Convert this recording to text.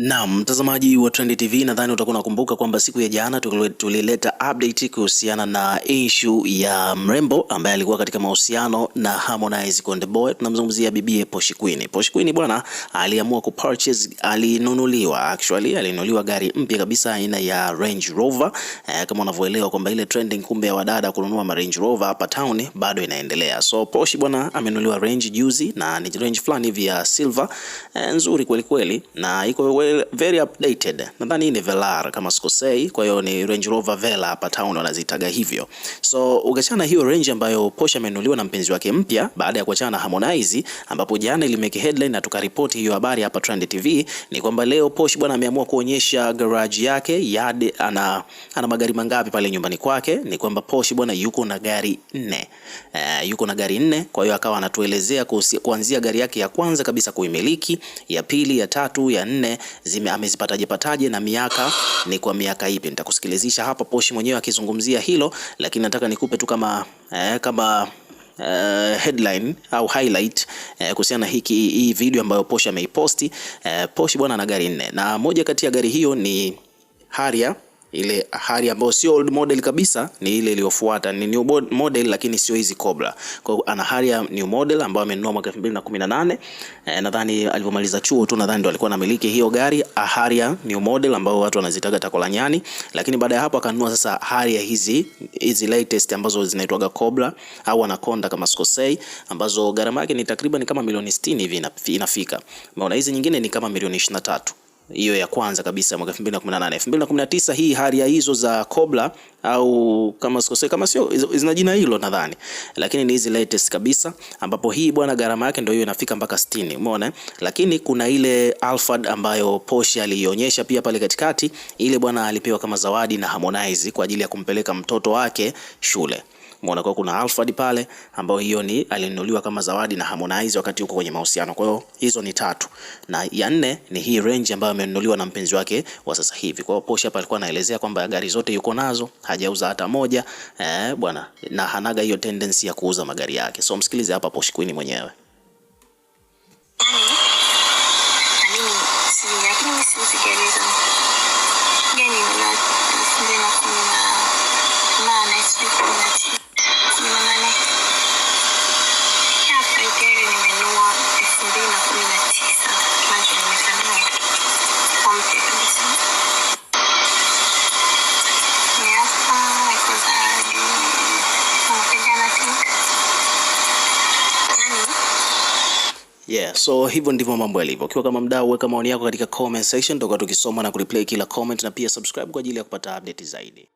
Naam, mtazamaji wa Trend TV, nadhani utakuwa unakumbuka kwamba siku ya jana tulileta update kuhusiana na issue ya mrembo ambaye alikuwa katika mahusiano na Harmonize Konde Boy. Tunamzungumzia bibi Poshi Queen. Poshi Queen bwana aliamua ku purchase, alinunuliwa actually, alinunuliwa gari mpya kabisa aina ya Range Rover. Eh, kama unavyoelewa kwamba ile trending kumbe ya wadada kununua ma Range Rover hapa town bado inaendelea. So Poshi bwana amenunuliwa Range juzi na ni Range fulani hivi ya silver, eh, nzuri kweli kweli na iko very, updated. Nadhani ni Velar kama sikosei, kwa hiyo ni Range Rover Velar hapa town wanazitaga hivyo. So ukiachana hiyo range ambayo Porsche amenunuliwa na mpenzi wake mpya baada ya kuachana na Harmonize, ambapo jana ilimeke headline na tukaripoti hiyo habari hapa Trend TV, ni kwamba leo Porsche bwana ameamua kuonyesha garage yake yard, ana, ana magari mangapi pale nyumbani kwake. Ni kwamba Porsche bwana yuko na gari nne, uh, yuko na gari nne, kwa hiyo akawa anatuelezea kuanzia gari yake ya kwanza kabisa kuimiliki, ya pili, ya tatu, ya nne zime amezipataje pataje na miaka ni kwa miaka ipi? Nitakusikilizisha hapa poshi mwenyewe akizungumzia hilo, lakini nataka nikupe tu kama eh, kama Uh, headline au highlight uh, kuhusiana na hiki hii video ambayo Poshy ameiposti. Uh, eh, Poshy bwana ana gari nne na moja kati ya gari hiyo ni Harrier ile hali ambayo sio old model kabisa, ni ile iliyofuata, ni new model lakini sio hizi Cobra. Kwa hiyo ana hali ya new model ambayo amenunua mwaka 2018 eh, nadhani alipomaliza chuo tu nadhani ndo alikuwa anamiliki hiyo gari, hali ya new model ambayo watu wanazitaga nyani, lakini baada ya hapo akanunua sasa hali ya hizi hizi latest ambazo zinaitwaga Cobra au Anaconda kama sikosei, ambazo gharama yake ni takriban kama milioni 60 hivi inafika. Maana hizi nyingine ni kama milioni 23 hiyo ya kwanza kabisa mwaka 2018. 2019 hii haria hizo za Cobra au kama sikose, kama sio zina jina hilo nadhani, lakini ni hizi latest kabisa, ambapo hii bwana gharama yake ndio hiyo inafika mpaka 60, umeona. Lakini kuna ile Alphard ambayo Porsche alionyesha pia pale katikati, ile bwana alipewa kama zawadi na Harmonize kwa ajili ya kumpeleka mtoto wake shule umeona. Kwa kuna Alfred pale ambayo hiyo ni alinunuliwa kama zawadi na Harmonize wakati huko kwenye mahusiano. Kwa hiyo hizo ni tatu, na ya nne ni hii range ambayo amenunuliwa na mpenzi wake wa sasa hivi. Kwa hiyo Porsche hapa alikuwa anaelezea kwamba gari zote yuko nazo, hajauza hata moja eh, bwana, na hanaga hiyo tendency ya kuuza magari yake. So msikilize hapa Porsche Queen mwenyewe. Yeah, so hivyo ndivyo mambo yalivyo. Ukiwa kama mdau, weka maoni yako katika comment section, toka tukisoma na kureplay kila comment, na pia subscribe kwa ajili ya kupata update zaidi.